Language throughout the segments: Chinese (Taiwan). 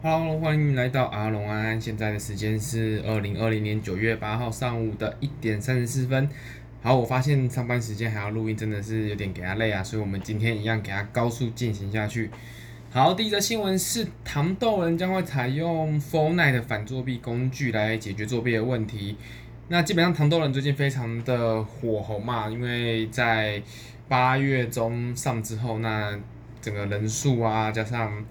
Hello，歡迎來到阿隆安安。現在的時間是二零二零年九月八號上午的一點三十四分。好，我發現上班時間還要錄音，真的是有點給他累啊。所以，我們今天一樣給他高速進行下去。好，第一則新聞是，糖豆人將會採用 Fortnite 的反作弊工具來解決作弊的問題。那基本上，糖豆人最近非常的火紅嘛，因為在八月中上之後，那整個人數啊，加上。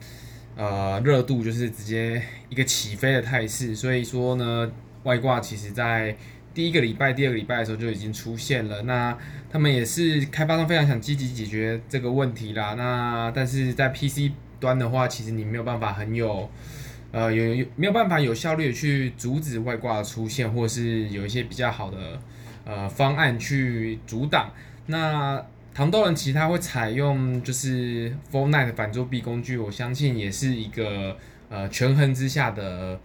呃，熱度就是直接一個起飛的態勢，所以說呢，外掛其實，在第一個禮拜，第二個禮拜的時候就已經出現了。那他們也是開發商非常想積極解決這個問題啦。那但是在 PC 端的話，其實你沒有辦法很有，呃，有，有沒有辦法有效率去阻止外掛的出現，或是有一些比較好的呃方案去阻擋。那糖豆人其他會採用就是 Fortnite 的反作弊工具，我相信也是一個呃權衡之下的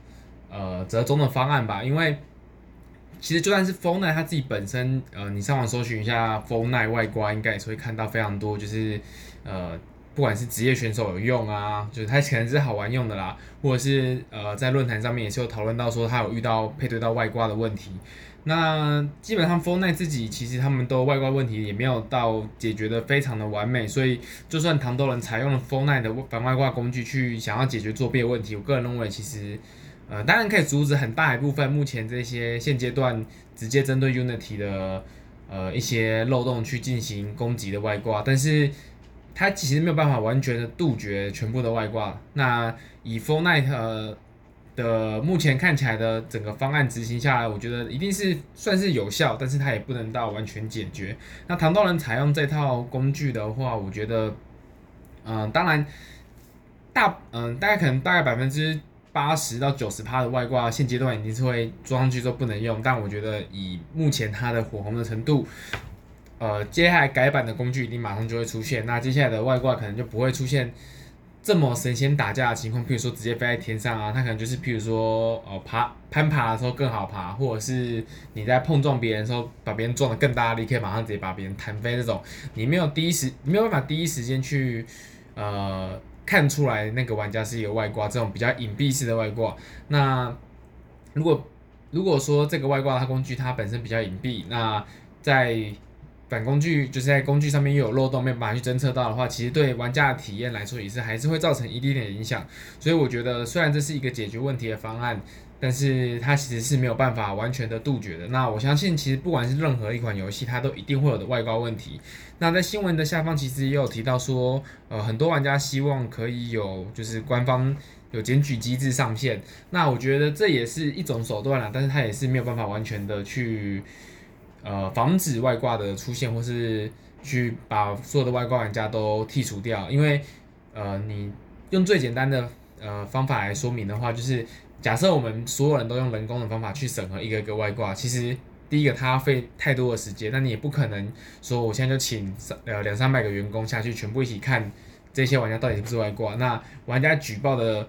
呃折中的方案吧。因為其實就算是 Fortnite 他自己本身，呃，你上網搜尋一下 Fortnite 外掛，應該也是會看到非常多，就是呃不管是職業選手有用啊，就是他可能是好玩用的啦，或者是呃在論壇上面也是有討論到說他有遇到配對到外掛的問題。那基本上 Fortnite 自己其實他們都外掛問題也沒有到解決的非常的完美，所以就算糖豆人採用了 Fortnite 的反外掛工具去想要解決作弊的問題，我個人認為其實，呃，當然可以阻止很大一部分目前這些現階段直接針對 Unity 的呃一些漏洞去進行攻擊的外掛，但是它其實沒有辦法完全的杜絕全部的外掛。那以 Fortnite 呃。的目前看起來的整個方案執行下來，我覺得一定是算是有效，但是它也不能到完全解決。那糖豆人採用這套工具的話，我覺得，嗯、呃，當然，大，嗯、呃，大概可能大概百分之八十到九十趴的外掛，現階段已經是會裝上去都不能用。但我覺得以目前它的火紅的程度，呃，接下來改版的工具一定馬上就會出現，那接下來的外掛可能就不會出現。這麼神仙打架的情況，譬如說直接飛在天上啊，他可能就是，譬如說，哦，爬攀爬的時候更好爬，或者是你在碰撞別人的時候，把別人撞得更大力，可以馬上直接把別人彈飛這種，你沒有第一時沒有辦法第一時間去，呃，看出來那個玩家是一個外掛，這種比較隱蔽式的外掛。那如果，如果說這個外掛它工具它本身比較隱蔽，那在反工具就是在工具上面又有漏洞，沒有辦法去偵測到的話，其實對玩家的體驗來說也是還是會造成一點點的影響。所以我覺得，雖然這是一個解決問題的方案，但是它其實是沒有辦法完全的杜絕的。那我相信，其實不管是任何一款遊戲，它都一定會有的外掛問題。那在新聞的下方，其實也有提到說，呃，很多玩家希望可以有就是官方有檢舉機制上線。那我覺得這也是一種手段了、啊，但是它也是沒有辦法完全的去。呃，防止外掛的出現，或是去把所有的外掛玩家都剔除掉，因為呃，你用最簡單的呃方法來說明的話，就是假設我們所有人都用人工的方法去審核一個一個外掛，其實第一個它要費太多的時間，那你也不可能說我現在就請呃兩三百個員工下去全部一起看這些玩家到底是不是外掛，那玩家舉報的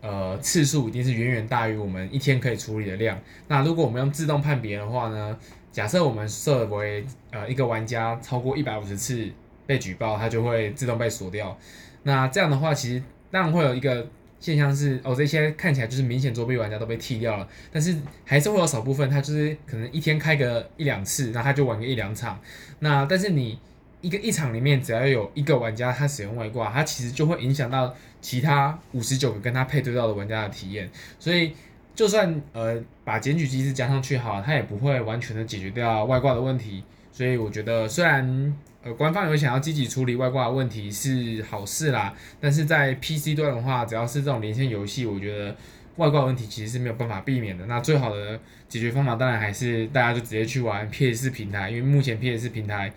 呃次數一定是遠遠大於我們一天可以處理的量，那如果我們用自動判別的話呢？假設我們設為，呃，一個玩家超過一百五十次被舉報，他就會自動被鎖掉。那這樣的話，其實當然會有一個現象是，哦，這些看起來就是明顯作弊玩家都被踢掉了。但是還是會有少部分，他就是可能一天開個一兩次，那他就玩個一兩場。那但是你一個一場裡面，只要有一個玩家他使用外掛，他其實就會影響到其他五十九個跟他配對到的玩家的體驗。所以。就算呃，把檢舉機制加上去好了，它也不會完全的解決掉外掛的問題。所以我覺得，雖然呃，官方有想要積極處理外掛的問題是好事啦，但是在 PC 端的話，只要是這種連線遊戲，我覺得外掛問題其實是沒有辦法避免的。那最好的解決方法當然還是大家就直接去玩 PS 平台，因為目前 PS 平台。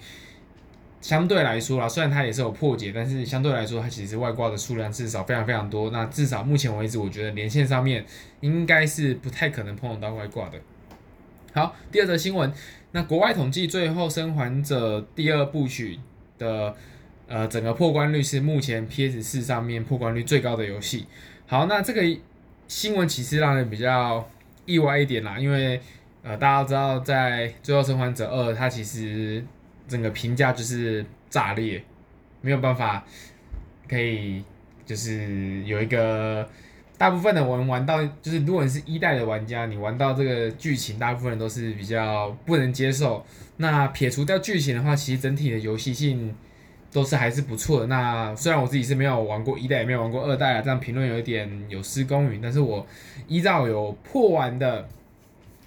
相對來說啦，雖然它也是有破解，但是相對來說，它其實外掛的數量至少非常非常多。那至少目前為止，我覺得連線上面應該是不太可能碰得到外掛的。好，第二則新聞，那國外統計《最後生還者第二部曲》的呃整個破關率是目前 PS4 上面破關率最高的遊戲。好，那這個新聞其實讓人比較意外一點啦，因為呃大家都知道在《最後生還者二》它其實。整個評價就是炸裂，沒有辦法，可以就是有一個大部分的我們玩到，就是如果你是一代的玩家，你玩到這個劇情，大部分人都是比較不能接受。那撇除掉劇情的話，其實整體的遊戲性都是還是不錯的。那雖然我自己是沒有玩過一代，也沒有玩過二代啊，這樣評論有一點有失公允，但是我依照有破完的。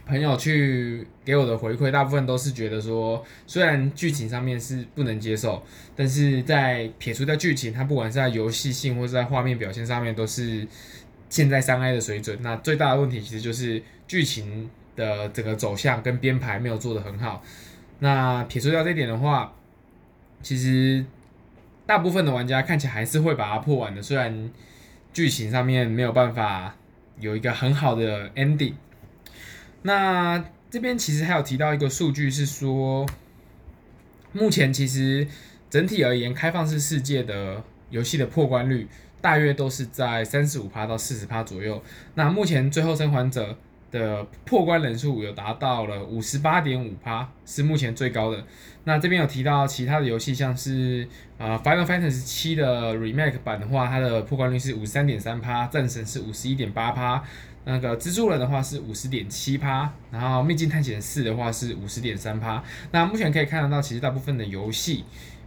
朋友去給我的回饋，大部分都是覺得說，雖然劇情上面是不能接受，但是在撇除掉劇情，它不管是在遊戲性或是在畫面表現上面，都是現在三 A 的水準。那最大的問題其實就是劇情的整個走向跟編排沒有做得很好。那撇除掉這一點的話，其實大部分的玩家看起來還是會把它破完的，雖然劇情上面沒有辦法有一個很好的 ending。那這邊其實還有提到一個數據，是說，目前其實整體而言，開放式世界的遊戲的破關率大約都是在三十五趴到四十趴左右。那目前《最後生還者》的破關人數有達到了五十八點五趴，是目前最高的。那這邊有提到其他的遊戲，像是啊、呃《Final Fantasy VII》的 Remake 版的話，它的破關率是五十三點三趴；《戰神》是五十一點八趴；那個《蜘蛛人》的話是五十點七趴；然後《祕境探險四》的話是五十點三趴。那目前可以看得到，其實大部分的遊戲，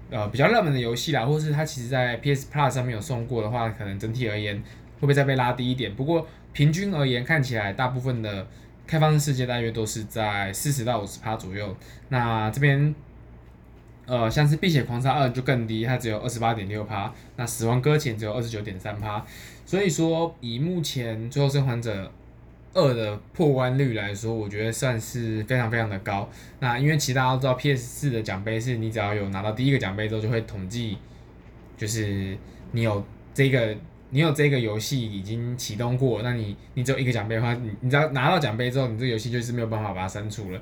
呃，比較熱門的遊戲啦，或是它其實在 PS Plus 上面有送過的話，可能整體而言會不會再被拉低一點？不過。平均而言，看起來大部分的開放的世界大約都是在四十到五十趴左右。那這邊，呃，像是《碧血狂殺二》就更低，它只有二十八點六趴。那《死亡擱淺》只有二十九點三趴。所以說，以目前《最後生還者二》的破關率來說，我覺得算是非常非常的高。那因為其實大家都知道，P S 四的獎杯是你只要有拿到第一個獎杯之後，就會統計，就是你有這個。你有這個遊戲已經啟動過，那你你只有一個獎杯的話，你只要拿到獎杯之後，你這個遊戲就是沒有辦法把它刪除了。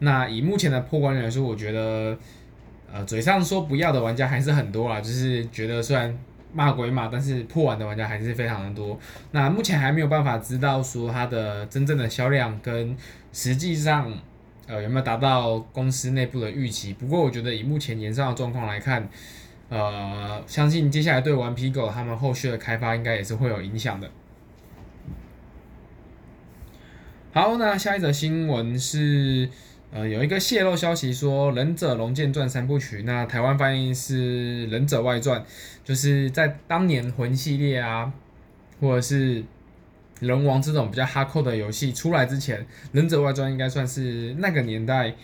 那以目前的破關來說，我覺得，呃，嘴上說不要的玩家還是很多啦，就是覺得雖然罵歸罵，但是破完的玩家還是非常的多。那目前還沒有辦法知道說它的真正的銷量跟實際上，呃，有沒有達到公司內部的預期。不過我覺得以目前年上的狀況來看。呃，相信接下來對頑皮狗他們後續的開發應該也是會有影響的。好，那下一則新聞是，呃，有一個洩露消息說《忍者龍劍傳》三部曲，那台灣翻譯是《忍者外傳》，就是在當年魂系列啊，或者是《人王》這種比較 hardcore 的遊戲出來之前，《忍者外傳》應該算是那個年代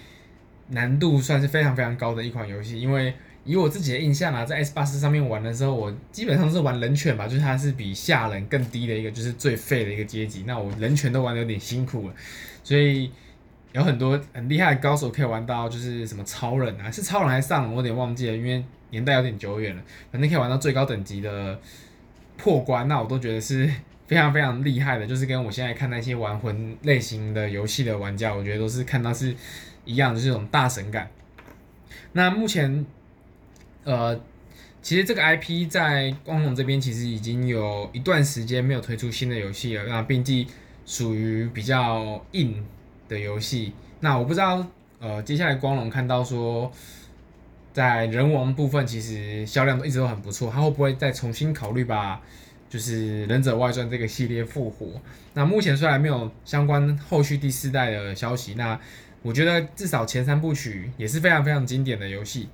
難度算是非常非常高的一款遊戲，因為。以我自己的印象啊，在 S 八四上面玩的時候，我基本上是玩人犬吧，就是它是比下人更低的一個，就是最廢的一個階級。那我人犬都玩得有點辛苦了，所以有很多很厲害的高手可以玩到，就是什麼超人啊，是超人還是上人，我有點忘記了，因為年代有點久遠了。反正可以玩到最高等級的破關，那我都覺得是非常非常厲害的。就是跟我現在看那些玩魂類型的遊戲的玩家，我覺得都是看到是一樣的這、就是、種大神感。那目前。呃，其實這個 IP 在光榮這邊其實已經有一段時間沒有推出新的遊戲了，那並且屬於比較硬的遊戲。那我不知道，呃，接下來光榮看到說，在仁王部分其實銷量一直都很不錯，他會不會再重新考慮把就是《忍者外傳》這個系列復活？那目前雖然沒有相關後續第四代的消息，那我覺得至少前三部曲也是非常非常經典的遊戲。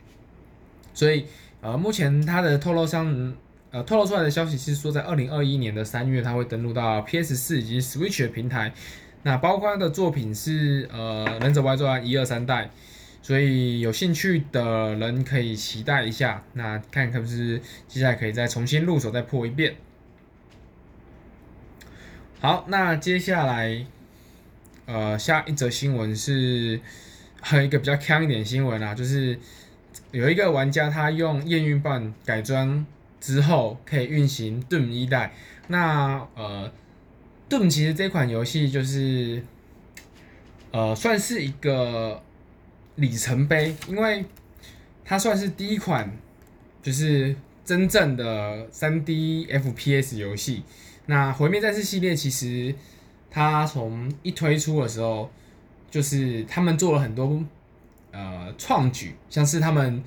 所以，呃，目前他的透露上，呃，透露出來的消息是說，在二零二一年的三月，他會登錄到 PS 四以及 Switch 的平台。那包括它的作品是，呃，《忍者外傳》一二三代，所以有興趣的人可以期待一下，那看是不是接下來可以再重新入手，再破一遍。好，那接下來，呃，下一則新聞是，還有一個比較 can 一點新聞啊，就是。有一個玩家，他用驗孕棒改裝之後可以運行 Doom 一代。那呃，Doom 其實這款遊戲就是呃算是一個里程碑，因為它算是第一款就是真正的 3D FPS 遊戲。那毀滅戰士系列其實它從一推出的時候，就是他們做了很多。呃，創舉，像是他們，誒、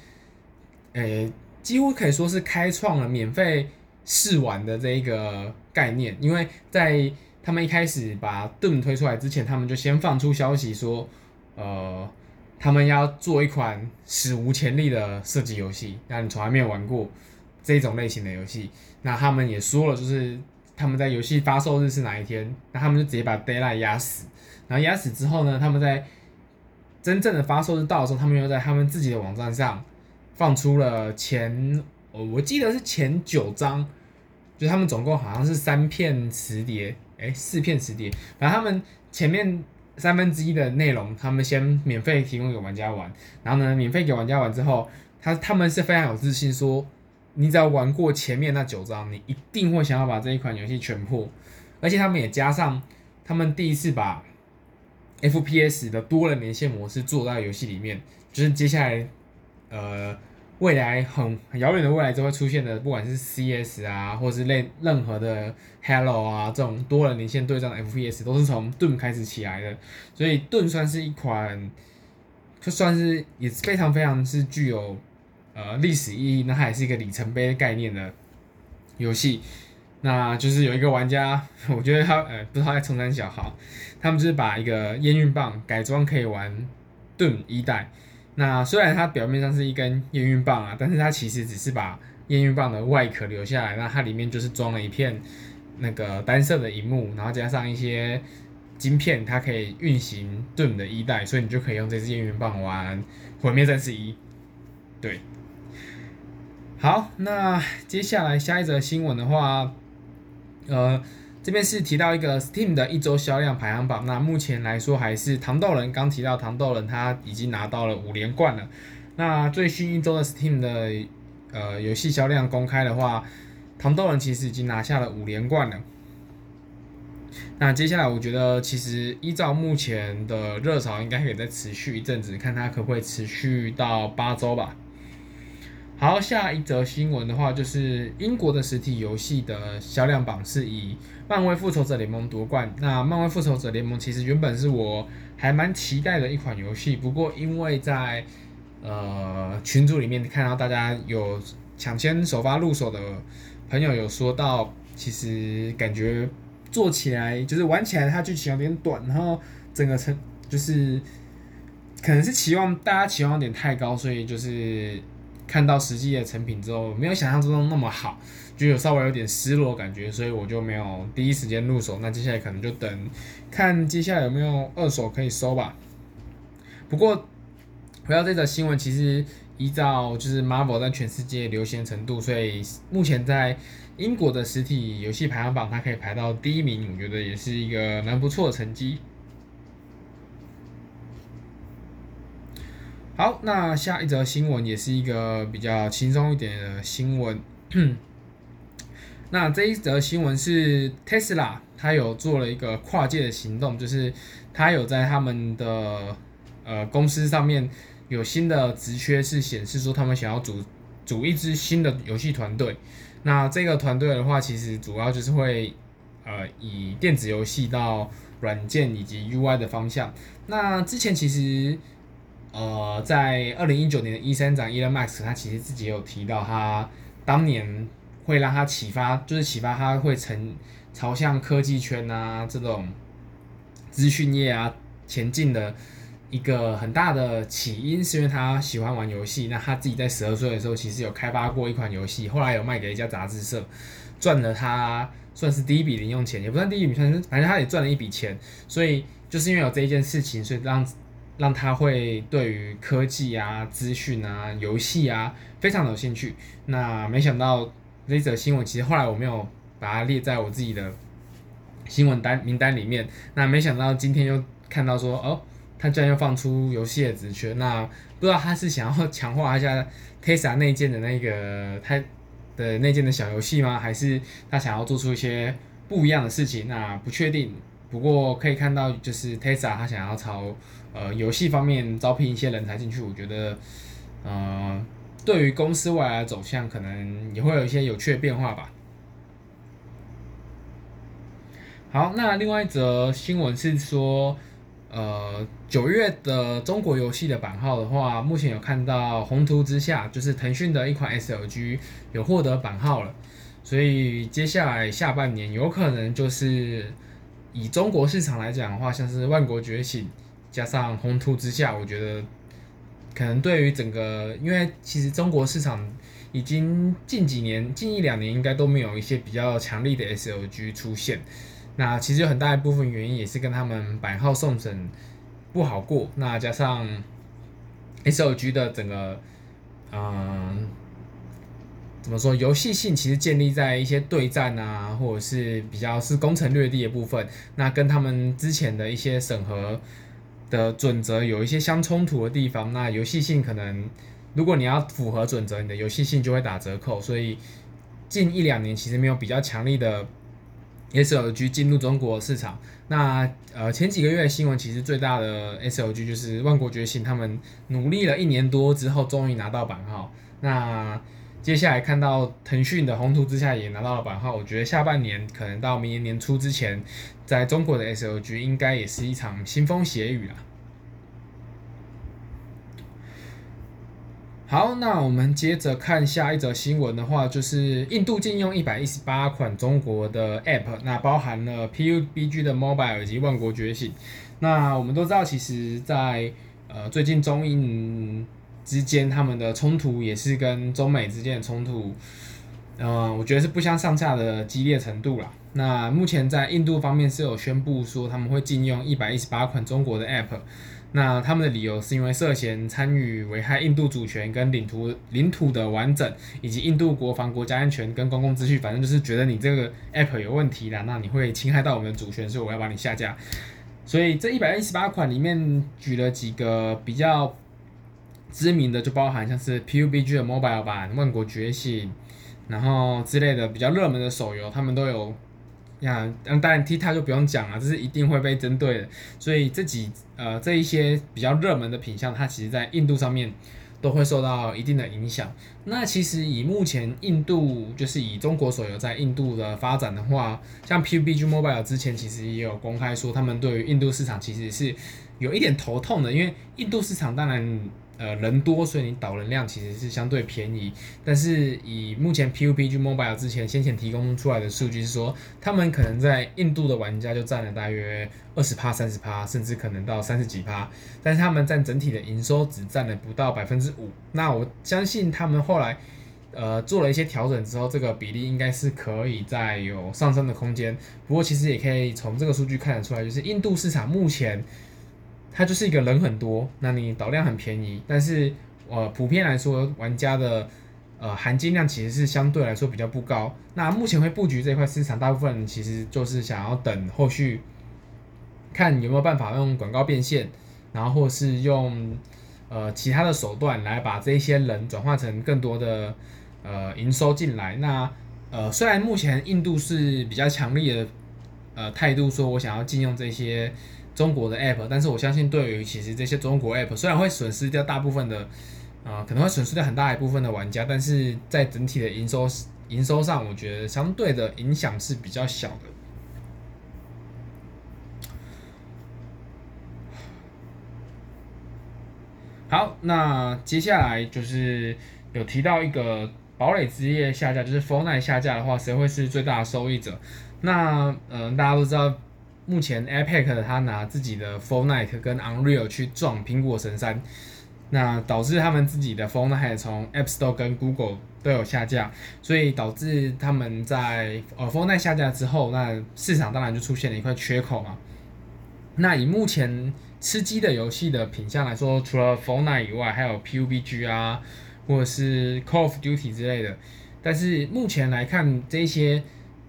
欸，幾乎可以說是開創了免費試玩的這一個概念。因為在他們一開始把 Doom 推出來之前，他們就先放出消息說，呃，他們要做一款史無前例的射擊遊戲，但你從來沒有玩過這種類型的遊戲。那他們也說了，就是他們在遊戲發售日是哪一天，那他們就直接把 deadline 壓死。然後壓死之後呢，他們在。真正的發售日到的時候，他們又在他們自己的網站上放出了前，我我記得是前九章，就他們總共好像是三片磁碟，哎、欸，四片磁碟，反正他們前面三分之一的內容，他們先免費提供給玩家玩。然後呢，免費給玩家玩之後，他他們是非常有自信說，你只要玩過前面那九章，你一定會想要把這一款遊戲全破。而且他們也加上，他們第一次把。FPS 的多人連線模式做到遊戲裡面，就是接下來，呃，未來很很遙遠的未來就會出現的，不管是 CS 啊，或是類任何的 Hello 啊這種多人連線對戰 FPS，都是從 DOOM 開始起來的。所以 DOOM 算是一款，就算是也是非常非常是具有呃歷史意義，那它也是一個里程碑概念的遊戲。那就是有一個玩家，我覺得他呃，不知道他在衝三小號，他們就是把一個驗孕棒改裝可以玩 DOOM 一代。那雖然它表面上是一根驗孕棒啊，但是它其實只是把驗孕棒的外殼留下來，那它裡面就是裝了一片那個單色的熒幕，然後加上一些晶片，它可以運行 DOOM 的一代，所以你就可以用這支驗孕棒玩毀滅戰士一。對，好，那接下來下一則新聞的話。呃，這邊是提到一個 Steam 的一周銷量排行榜。那目前來說，還是糖豆人，剛提到糖豆人，他已經拿到了五連冠了。那最新一周的 Steam 的呃遊戲銷量公開的話，糖豆人其實已經拿下了五連冠了。那接下來，我覺得其實依照目前的熱潮，應該可以再持續一陣子，看它可不可以持續到八周吧。好，下一則新聞的話，就是英國的實體遊戲的銷量榜是以《漫威復仇者聯盟》奪冠。那《漫威復仇者聯盟》其實原本是我還蠻期待的一款遊戲，不過因為在呃群組裡面看到大家有搶先首發入手的朋友有說到，其實感覺做起來就是玩起來，它劇情有點短，然後整個成，就是可能是期望大家期望有點太高，所以就是。看到實際的成品之後，沒有想象之中那麼好，就有稍微有點失落感覺，所以我就沒有第一時間入手。那接下來可能就等看接下來有沒有二手可以收吧。不過回到這則新聞，其實依照就是 Marvel 在全世界流行程度，所以目前在英國的實體遊戲排行榜它可以排到第一名，我覺得也是一個蠻不錯的成績。好，那下一則新聞也是一個比較輕鬆一點的新聞。 那這一則新聞是 Tesla，它有做了一個跨界的行動，就是它有在他們的呃公司上面有新的職缺，是顯示說他們想要組組一支新的遊戲團隊。那這個團隊的話，其實主要就是會呃以電子遊戲到軟件以及 UI 的方向。那之前其實。呃，在二零一九年的 E3 展 Elon Musk，他其實自己有提到，他當年會讓他啟發，就是啟發他會成朝向科技圈啊這種資訊業啊前進的一個很大的起因，是因為他喜歡玩遊戲。那他自己在十二歲的時候，其實有開發過一款遊戲，後來有賣給一家雜誌社，賺了他算是第一筆零用錢，也不算第一筆錢，反正他也賺了一筆錢。所以就是因為有這一件事情，所以讓，讓他會對於科技啊、資訊啊、遊戲啊非常有興趣。那沒想到這則新聞，其實後來我沒有把它列在我自己的新聞單名單裡面。那沒想到今天又看到說，哦，他居然又放出遊戲的職權。那不知道他是想要強化一下 Tesla 內建的那個他的內建的小遊戲嗎？還是他想要做出一些不一樣的事情？那不確定。不過可以看到，就是 Tesla 它想要朝呃遊戲方面招聘一些人才進去，我覺得呃對於公司未來的走向，可能也會有一些有趣的變化吧。好，那另外一則新聞是說，呃九月的中國遊戲的版號的話，目前有看到鴻圖之下，就是騰訊的一款 SLG 有獲得版號了，所以接下來下半年有可能就是。以中國市場來講的話，像是《萬國覺醒》加上《宏圖之下》，我覺得可能對於整個，因為其實中國市場已經近幾年、近一兩年應該都沒有一些比較強力的 SLG 出現。那其實有很大一部分原因也是跟他們版號送審不好過。那加上 SLG 的整個，嗯。怎麼說？遊戲性其實建立在一些對戰啊，或者是比較是攻城略地的部分。那跟他們之前的一些審核的準則有一些相衝突的地方。那遊戲性可能，如果你要符合準則，你的遊戲性就會打折扣。所以近一兩年其實沒有比較強力的 S L G 進入中國市場。那呃，前幾個月的新聞其實最大的 S L G 就是《萬國覺醒》，他們努力了一年多之後，終於拿到版號。那接下來看到騰訊的宏圖之下也拿到了版號，我覺得下半年可能到明年年初之前，在中國的 SLG 應該也是一場腥風血雨啊。好，那我們接着看下一則新聞的話，就是印度禁用一百一十八款中國的 App，那包含了 PUBG 的 Mobile 以及萬國覺醒。那我們都知道，其實在呃最近中印。嗯之間他們的衝突也是跟中美之間的衝突，嗯、呃，我覺得是不相上下的激烈程度了。那目前在印度方面是有宣布說他們會禁用一百一十八款中國的 app，那他們的理由是因為涉嫌參與危害印度主權跟領土領土的完整，以及印度國防、國家安全跟公共秩序，反正就是覺得你這個 app 有問題了，那你會侵害到我們的主權，所以我要把你下架。所以這一百一十八款裡面舉了幾個比較。知名的就包含像是 PUBG 的 Mobile 版《萬國覺醒》、然後之類的比較熱門的手遊，他們都有呀。那當然 Tita 就不用講了，這是一定會被針對的。所以這幾呃這一些比較熱門的品項，它其實在印度上面都會受到一定的影響。那其實以目前印度就是以中國手遊在印度的發展的話，像 PUBG Mobile 之前其實也有公開說，他們對於印度市場其實是有一點頭痛的，因為印度市場當然。呃，人多，所以你導人量其實是相對便宜。但是以目前 PUBG Mobile 之前先前提供出來的數據是說，他們可能在印度的玩家就占了大約二十趴、三十趴，甚至可能到三十幾趴。但是他們占整體的營收只占了不到百分之五。那我相信他們後來呃做了一些調整之後，這個比例應該是可以再有上升的空間。不過其實也可以從這個數據看得出來，就是印度市場目前。它就是一個人很多，那你導量很便宜，但是呃，普遍來說，玩家的呃含金量其實是相對來說比較不高。那目前會布局這塊市場，大部分其實就是想要等後續看有沒有辦法用廣告變現，然後或是用呃其他的手段來把這些人轉化成更多的呃營收進來。那呃，雖然目前印度是比較強力的呃態度，說我想要禁用這些。中國的 app，但是我相信，對於其實這些中國 app，雖然會損失掉大部分的，啊、呃，可能會損失掉很大一部分的玩家，但是在整體的營收營收上，我覺得相對的影響是比較小的。好，那接下來就是有提到一個堡壘之夜下架，就是 Fortnite 下架的話，誰會是最大的收益者？那嗯、呃，大家都知道。目前 Epic 他拿自己的《Fortnite》跟《Unreal》去撞蘋果神山，那導致他們自己的《Fortnite》從 App Store 跟 Google 都有下架，所以導致他們在呃、哦，《Fortnite》下架之後，那市場當然就出現了一塊缺口嘛。那以目前吃雞的遊戲的品相來說，除了《Fortnite》以外，還有《PUBG》啊，或者是《Call of Duty》之類的，但是目前來看這些。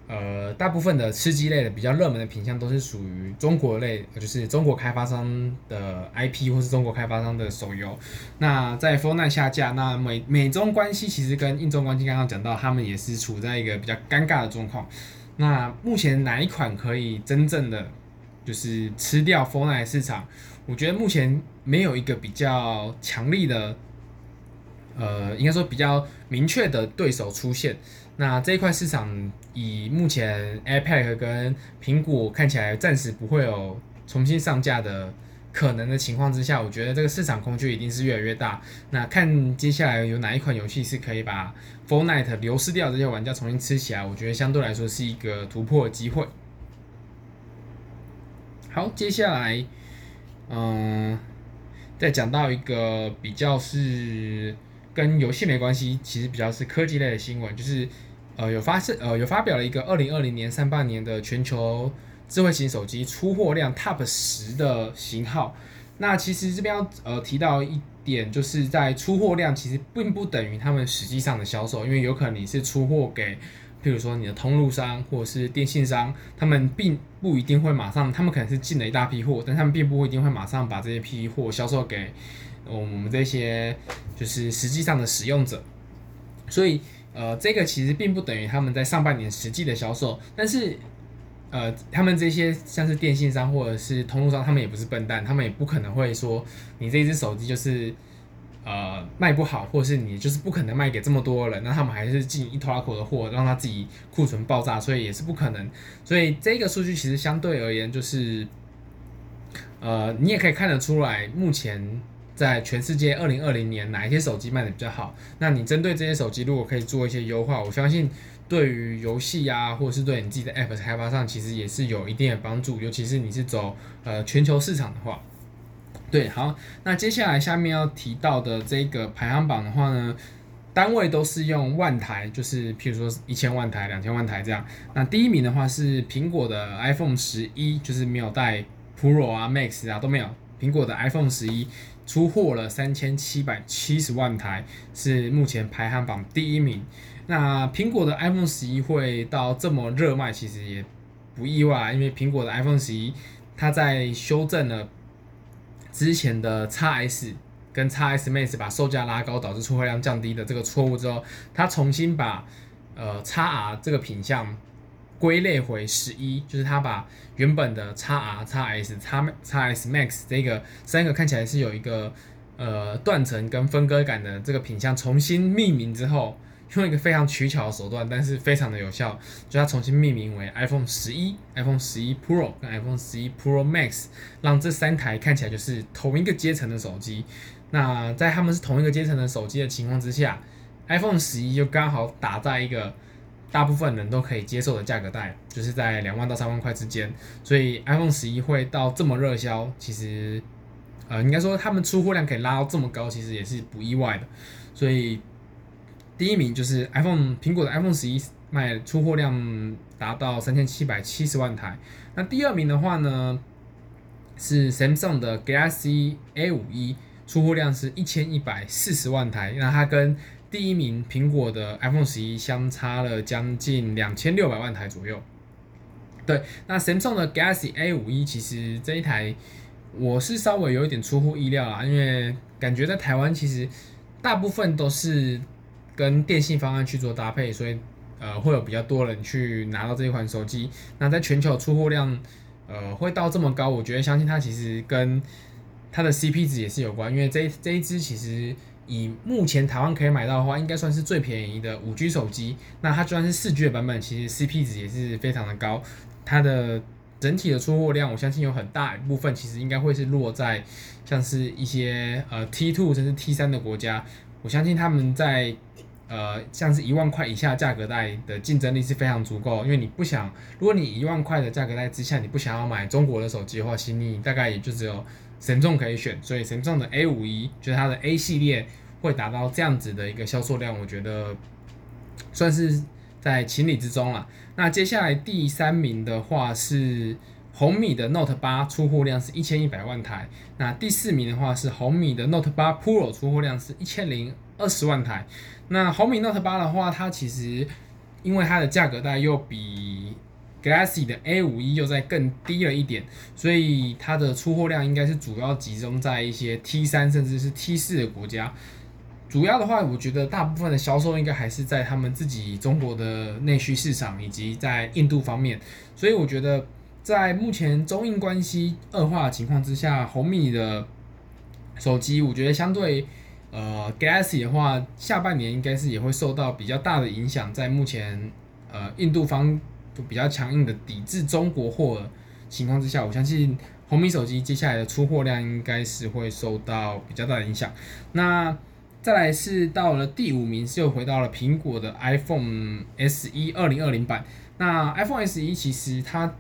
呃，大部分的吃雞類的比較熱門的品相都是屬於中國類，就是中國開發商的 IP 或是中國開發商的手遊。那在 Fortnite 下架，那美美中關係其實跟印中關係剛剛講到，他們也是處在一個比較尷尬的狀況。那目前哪一款可以真正的就是吃掉 Fortnite 市場？我覺得目前沒有一個比較強力的，呃，應該說比較明確的對手出現。那這一塊市場，以目前 Epic 跟蘋果看起來暫時不會有重新上架的可能的情況之下，我覺得這個市場空間一定是越來越大。那看接下來有哪一款遊戲是可以把 Fortnite 流失掉這些玩家重新吃起來，我覺得相對來說是一個突破機會。好，接下來，嗯，再講到一個比較是跟遊戲沒關係，其實比較是科技類的新聞，就是。呃，有發是呃有發表了一個二零二零年上半年的全球智慧型手機出貨量 TOP 十的型號。那其實這邊要呃提到一點，就是在出貨量其實並不等於他們實際上的銷售，因為有可能你是出貨給，譬如說你的通路商或者是電信商，他們並不一定會馬上，他們可能是進了一大批貨，但他們並不一定會馬上把這些批貨銷售給我們這些就是實際上的使用者，所以。呃，這個其實並不等於他們在上半年實際的銷售，但是，呃，他們這些像是電信商或者是通路商，他們也不是笨蛋，他們也不可能會說你這一只手機就是呃賣不好，或者是你就是不可能賣給這麼多人，那他們還是進一拖拉庫的貨，讓他自己庫存爆炸，所以也是不可能。所以這個數據其實相對而言就是，呃，你也可以看得出來，目前。在全世界，二零二零年哪一些手機賣得比較好？那你針對這些手機，如果可以做一些優化，我相信對於遊戲啊，或者是對你自己的 APP 開發上，其實也是有一定的幫助。尤其是你是走呃全球市場的話，對，好，那接下來下面要提到的這個排行榜的話呢，單位都是用萬台，就是譬如說一千萬台、兩千萬台這樣。那第一名的話是蘋果的 iPhone 十一，就是沒有帶 Pro 啊、Max 啊都沒有，蘋果的 iPhone 十一。出貨了三千七百七十萬台，是目前排行榜第一名。那蘋果的 iPhone 十一會到這麼熱賣，其實也不意外，因為蘋果的 iPhone 十一，它在修正了之前的 XS 跟 XS Max 把售價拉高，導致出貨量降低的這個錯誤之後，它重新把呃 XR 這個品項，歸類回十一，就是他把原本的 XR、XS、XS、XS Max 這個三個看起來是有一個呃斷層跟分割感的這個品項，重新命名之後，用一個非常取巧的手段，但是非常的有效，就它重新命名為 11, iPhone 十一、iPhone 十一 Pro 跟 iPhone 十一 Pro Max，讓這三台看起來就是同一個階層的手機。那在他們是同一個階層的手機的情況之下，iPhone 十一就剛好打在一個。大部分人都可以接受的價格帶，就是在兩萬到三萬塊之間。所以 iPhone 十一會到這麼熱銷，其實，呃，應該說他們出貨量可以拉到這麼高，其實也是不意外的。所以第一名就是 iPhone，蘋果的 iPhone 十一賣出貨量達到三千七百七十萬台。那第二名的話呢，是 Samsung 的 Galaxy A 五一，出貨量是一千一百四十萬台。那它跟第一名，蘋果的 iPhone 十一相差了將近兩千六百萬台左右。對，那 Samsung 的 Galaxy A 五一其實這一台，我是稍微有一點出乎意料啦，因為感覺在台灣其實大部分都是跟電信方案去做搭配，所以呃會有比較多人去拿到這一款手機。那在全球出貨量呃會到這麼高，我覺得相信它其實跟它的 CP 值也是有關，因為這一這一支其實。以目前台灣可以買到的話，應該算是最便宜的五 G 手機。那它雖然是四 G 的版本，其實 CP 值，也是非常的高。它的整體的出貨量，我相信有很大一部分其實應該會是落在像是一些呃 T2 甚至 T3 的國家。我相信他們在呃像是一萬塊以下價格帶的競爭力是非常足夠。因為你不想，如果你一萬塊的價格帶之下你不想要買中國的手機的話，其實你大概也就只有。神眾可以選，所以神眾的 A 五一，就是它的 A 系列會達到這樣子的一個銷售量，我覺得算是在情理之中了。那接下來第三名的話是紅米的 Note 八，出貨量是一千一百萬台，那第四名的話是紅米的 Note 八 Pro，出貨量是一千零二十萬台。那紅米 Note 八的話，它其實因為它的價格大概又比 Galaxy 的 A 五一又再更低了一點，所以它的出貨量應該是主要集中在一些 T 三甚至是 T 四的國家。主要的話，我覺得大部分的銷售應該還是在他們自己中國的內需市場，以及在印度方面。所以我覺得，在目前中印關係惡化的情況之下，紅米的手機，我覺得相對呃 Galaxy 的話，下半年應該是也會受到比較大的影響。在目前呃印度方。比較強硬的抵制中國貨的情況之下，我相信紅米手機接下來的出貨量應該是會受到比較大的影響。那再來是到了第五名，是又回到了蘋果的 iPhone SE 二零二零版。那 iPhone SE 其實它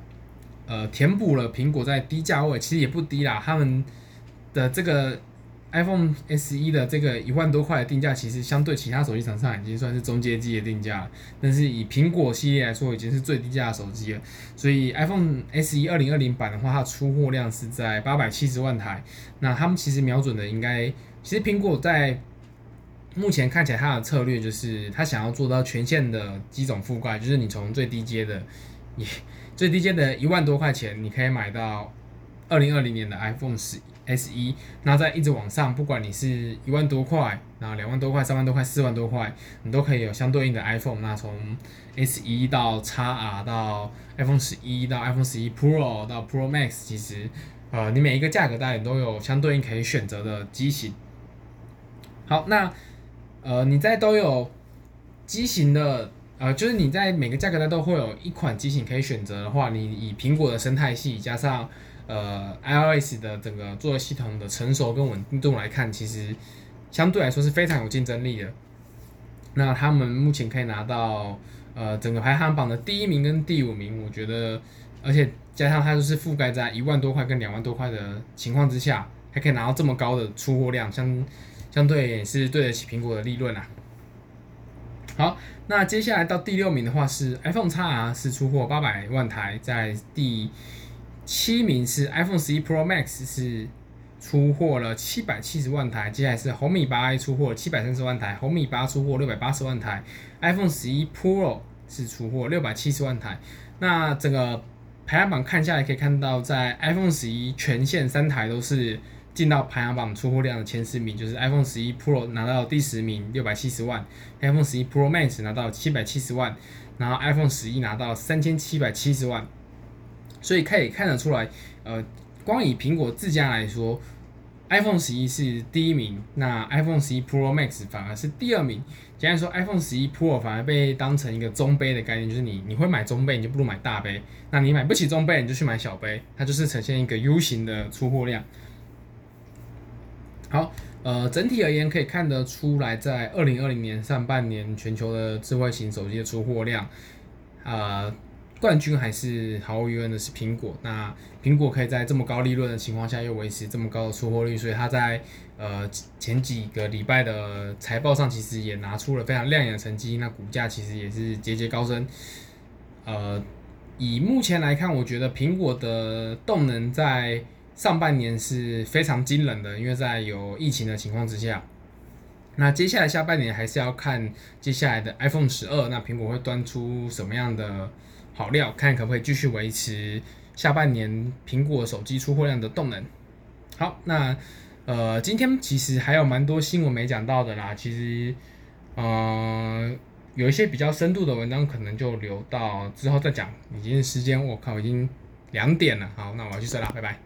呃填補了蘋果在低價位，其實也不低啦，他們的這個。iPhone SE 的這個一萬多塊的定價，其實相對其他手機廠商已經算是中階級的定價，但是以蘋果系列來說，已經是最低價的手機了。所以 iPhone SE 2020版的話，它出貨量是在八百七十萬台。那他們其實瞄準的應該，其實蘋果在目前看起來它的策略就是，它想要做到全線的機種覆蓋，就是你從最低階的，你最低階的一萬多塊錢，你可以買到2020年的 iPhone 11。SE 那在一直往上，不管你是一萬多塊，然後兩萬多塊、三萬多塊、四萬多塊，你都可以有相對應的 iPhone。那從 SE 到 XR 到 iPhone 十一到 iPhone 十一 Pro 到 Pro Max，其實，呃，你每一個價格帶都有相對應可以選擇的機型。好，那，呃，你在都有機型的，呃，就是你在每個價格帶都會有一款機型可以選擇的話，你以蘋果的生態系加上，呃，iOS 的整個作業系統的成熟跟穩定度來看，其實相對來說是非常有競爭力的。那他們目前可以拿到呃，整個排行榜的第一名跟第五名，我覺得，而且加上它就是覆蓋在一萬多塊跟兩萬多塊的情況之下，還可以拿到這麼高的出貨量，相相對也是對得起蘋果的利潤啊。好，那接下來到第六名的話是 iPhone XR，是出貨八百萬台，在第。七名是 iPhone 十一 Pro Max 是出貨了七百七十萬台，接下來是紅米八 i 出貨七百三十萬台，紅米八出貨六百八十萬台，iPhone 十一 Pro 是出貨六百七十萬台。那這個排行榜看下來，可以看到在 iPhone 十一全線三台都是進到排行榜出貨量的前十名，就是 iPhone 十一 Pro 拿到第十名六百七十萬，iPhone 十一 Pro Max 拿到七百七十萬，然後 iPhone 十一拿到三千七百七十萬。所以可以看得出來，呃，光以蘋果自家來說，iPhone 十一是第一名，那 iPhone 十一 Pro Max 反而是第二名。假如說，iPhone 十一 Pro 反而被當成一個中杯的概念，就是你你會買中杯，你就不如買大杯；那你買不起中杯，你就去買小杯。它就是呈現一個 U 型的出貨量。好，呃，整體而言可以看得出來，在二零二零年上半年，全球的智慧型手機的出貨量，啊、呃。冠軍還是毫無疑問的是蘋果。那蘋果可以在這麼高利潤的情況下，又維持這麼高的出貨率，所以它在呃前幾個禮拜的財報上，其實也拿出了非常亮眼的成績。那股價其實也是節節高升。呃，以目前來看，我覺得蘋果的動能在上半年是非常驚人的，因為在有疫情的情況之下。那接下來下半年還是要看接下來的 iPhone 十二，那蘋果會端出什麼樣的？好料，看可不可以繼續維持下半年蘋果手機出貨量的動能。好，那呃，今天其實還有蠻多新聞沒講到的啦，其實呃，有一些比較深度的文章可能就留到之後再講。已經是時間，我靠，已經兩點了。好，那我要去睡了，拜拜。